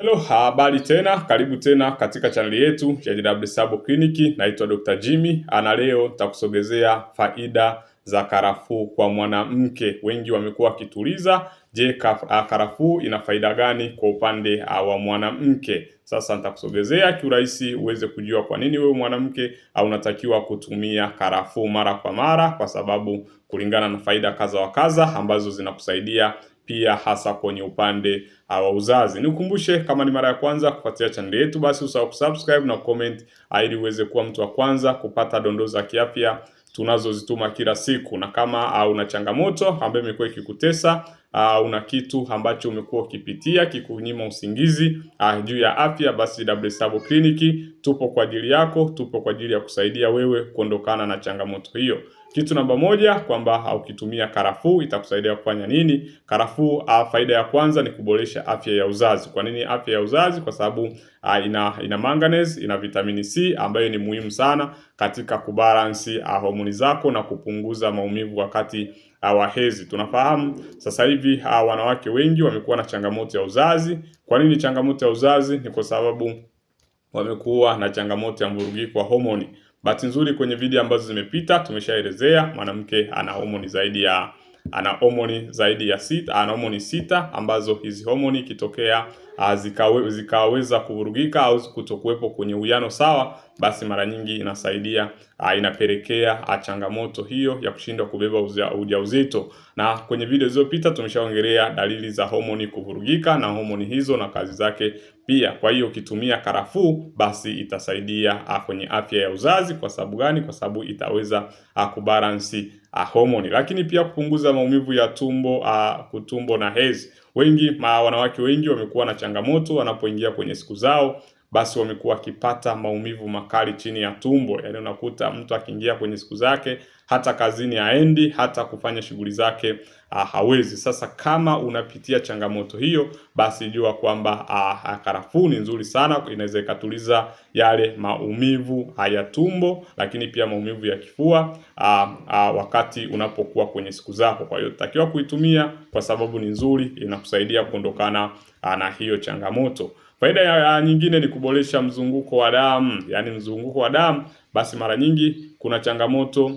Hello, habari tena, karibu tena katika chaneli yetu ya JW Sabo Clinic. Naitwa Dr. Jimmy, ana leo nitakusogezea faida za karafuu kwa mwanamke. Wengi wamekuwa wakituliza, je, ah, karafuu ina faida gani kwa upande ah, wa mwanamke? Sasa nitakusogezea kiurahisi uweze kujua kwa nini wewe mwanamke au ah, unatakiwa kutumia karafuu mara kwa mara, kwa sababu kulingana na faida kadha wa kadha ambazo zinakusaidia pia hasa kwenye upande uh, wa uzazi. Nikukumbushe, kama ni mara ya kwanza kufuatilia chaneli yetu, basi usahau kusubscribe na comment uh, ili uweze kuwa mtu wa kwanza kupata dondoo za kiafya tunazozituma kila siku, na kama uh, una changamoto ambayo imekuwa ikikutesa uh, una kitu ambacho umekuwa ukipitia kikunyima usingizi uh, juu ya afya, basi WSABO Clinic tupo kwa ajili yako, tupo kwa ajili ya kusaidia wewe kuondokana na changamoto hiyo. Kitu namba moja kwamba ukitumia karafuu itakusaidia kufanya nini? Karafuu ah, faida ya kwanza ni kuboresha afya ya uzazi. Kwa nini afya ya uzazi? Kwa sababu ah, ina ina manganese, ina vitamini C ambayo ni muhimu sana katika kubalansi ah, homoni zako na kupunguza maumivu wakati wa hezi. Tunafahamu sasa hivi wanawake wengi wamekuwa na changamoto ya uzazi. Kwa nini changamoto ya uzazi? Ni kwa sababu wamekuwa na changamoto ya mvurugiko wa homoni. Bahati nzuri kwenye video ambazo zimepita tumeshaelezea mwanamke ana homoni zaidi ya ana homoni zaidi ya sita, ana homoni sita ambazo hizi homoni ikitokea Ah, zikawe, zikaweza kuvurugika au kutokuwepo kwenye uwiano sawa, basi mara nyingi inasaidia ah, inapelekea ah, changamoto hiyo ya kushindwa kubeba ujauzito. Na kwenye video zilizopita tumeshaongelea dalili za homoni kuvurugika na homoni hizo na kazi zake pia. Kwa hiyo ukitumia karafuu basi itasaidia kwenye afya ya uzazi. Kwa sababu gani? Kwa sababu itaweza kubalansi homoni, lakini pia kupunguza maumivu ya tumbo kutumbo na hezi wengi ma wanawake wengi wamekuwa na changamoto wanapoingia kwenye siku zao, basi wamekuwa wakipata maumivu makali chini ya tumbo. Yaani unakuta mtu akiingia kwenye siku zake, hata kazini haendi, hata kufanya shughuli zake Ah, hawezi. Sasa kama unapitia changamoto hiyo, basi jua kwamba ah, ah, karafuu ni nzuri sana, inaweza ikatuliza yale maumivu ya tumbo, lakini pia maumivu ya kifua a, a, wakati unapokuwa kwenye siku zako. Kwa hiyo takiwa kuitumia kwa sababu ni nzuri, inakusaidia kuondokana na hiyo changamoto. Faida ya nyingine ni kuboresha mzunguko wa damu, yaani mzunguko wa damu. Basi mara nyingi kuna changamoto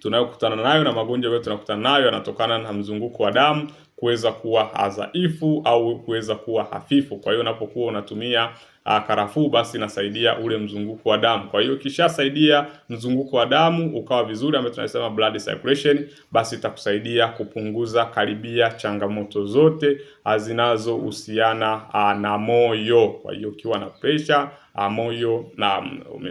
tunayokutana nayo na magonjwa ambayo tunakutana nayo yanatokana na mzunguko wa damu kuweza kuwa dhaifu au kuweza kuwa hafifu. Kwa hiyo unapokuwa unatumia ah, karafuu basi inasaidia ule mzunguko wa damu. Kwa hiyo ikishasaidia mzunguko wa damu ukawa vizuri, ambayo tunasema blood circulation, basi itakusaidia kupunguza karibia changamoto zote ah, zinazohusiana ah, na moyo. Kwa hiyo ukiwa na uh, moyo na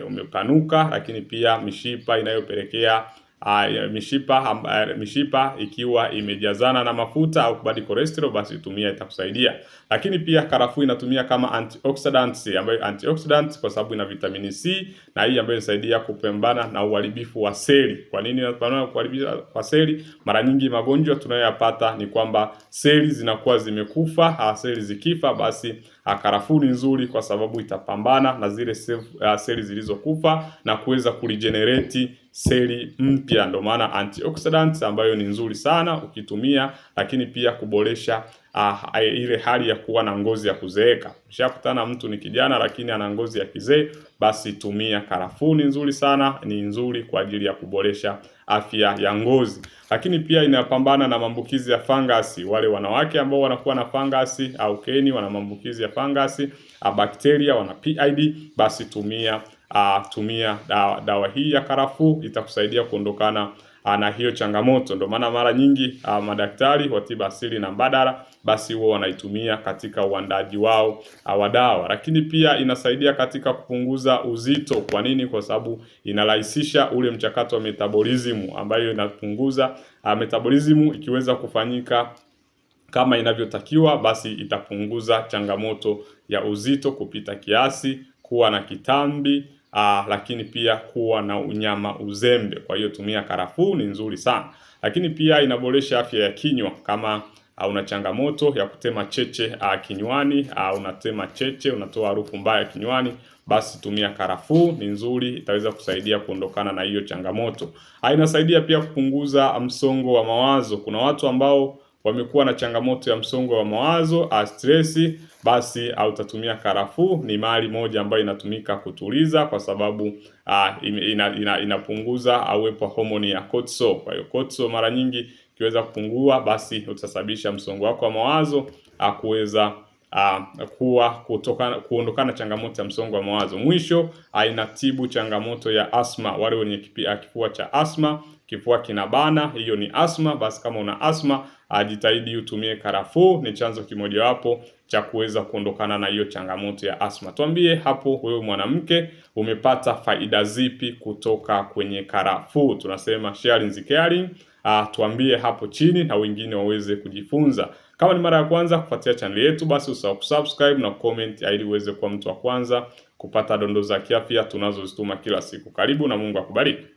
umepanuka, lakini pia mishipa inayopelekea uh, mishipa uh, mishipa ikiwa imejazana na mafuta au kubadi cholesterol, basi tumia, itakusaidia. Lakini pia karafuu inatumia kama antioxidants, ambayo antioxidants kwa sababu ina vitamini C na hii ambayo inasaidia kupambana na uharibifu wa seli. Kwa nini inapambana na kuharibifu kwa seli? Mara nyingi magonjwa tunayoyapata ni kwamba seli zinakuwa zimekufa. Ah, seli zikifa, basi ah, karafuu ni nzuri kwa sababu itapambana na zile seli zilizokufa na kuweza kurigenerate seli mpya, ndio maana antioxidants ambayo ni nzuri sana ukitumia, lakini pia kuboresha uh, ile hali ya kuwa na ngozi ya kuzeeka. Ushakutana mtu ni kijana lakini ana ngozi ya kizee, basi tumia karafuu. Ni nzuri sana, ni nzuri kwa ajili ya kuboresha afya ya ngozi, lakini pia inapambana na maambukizi ya fangasi. Wale wanawake ambao wanakuwa na fangasi au keni, wana maambukizi ya fangasi, ah, bakteria, wana PID, basi tumia a, ah, tumia dawa, dawa hii ya karafuu itakusaidia kuondokana Ah, na hiyo changamoto. Ndio maana mara nyingi uh, madaktari wa tiba asili na mbadala basi huwa wanaitumia katika uandaji wao ah, wa dawa, lakini pia inasaidia katika kupunguza uzito. Kwa nini? Kwa sababu inarahisisha ule mchakato wa metabolism ambayo inapunguza uh, metabolism ikiweza kufanyika kama inavyotakiwa, basi itapunguza changamoto ya uzito kupita kiasi, kuwa na kitambi aa, ah, lakini pia kuwa na unyama uzembe. Kwa hiyo tumia karafuu, ni nzuri sana, lakini pia inaboresha afya ya kinywa kama Uh, una changamoto ya kutema cheche uh, kinywani uh, unatema cheche, unatoa harufu mbaya kinywani, basi tumia karafuu, ni nzuri, itaweza kusaidia kuondokana na hiyo changamoto. Uh, inasaidia pia kupunguza msongo wa mawazo. Kuna watu ambao wamekuwa na changamoto ya msongo wa mawazo a stress, basi utatumia karafuu. Ni mali moja ambayo inatumika kutuliza, kwa sababu uh, ina, ina, inapunguza uwepo homoni ya cortisol. Kwa hiyo cortisol mara nyingi ikiweza kupungua, basi utasababisha msongo wako wa mawazo akuweza Uh, kuwa kutoka, kuondokana changamoto ya msongo wa mawazo. Mwisho, inatibu changamoto ya asma, wale wenye kifua cha asma kifua kinabana, hiyo ni asma. Basi kama una asma, ajitahidi ah, utumie karafuu, ni chanzo kimojawapo cha kuweza kuondokana na hiyo changamoto ya asma. Tuambie hapo, wewe mwanamke, umepata faida zipi kutoka kwenye karafuu? Tunasema sharing is caring. Uh, tuambie hapo chini na wengine waweze kujifunza. Kama ni mara ya kwanza kufuatia channel yetu, basi usahau kusubscribe na comment ili uweze kuwa mtu wa kwanza kupata dondoo za kiafya tunazozituma kila siku. Karibu na Mungu akubariki.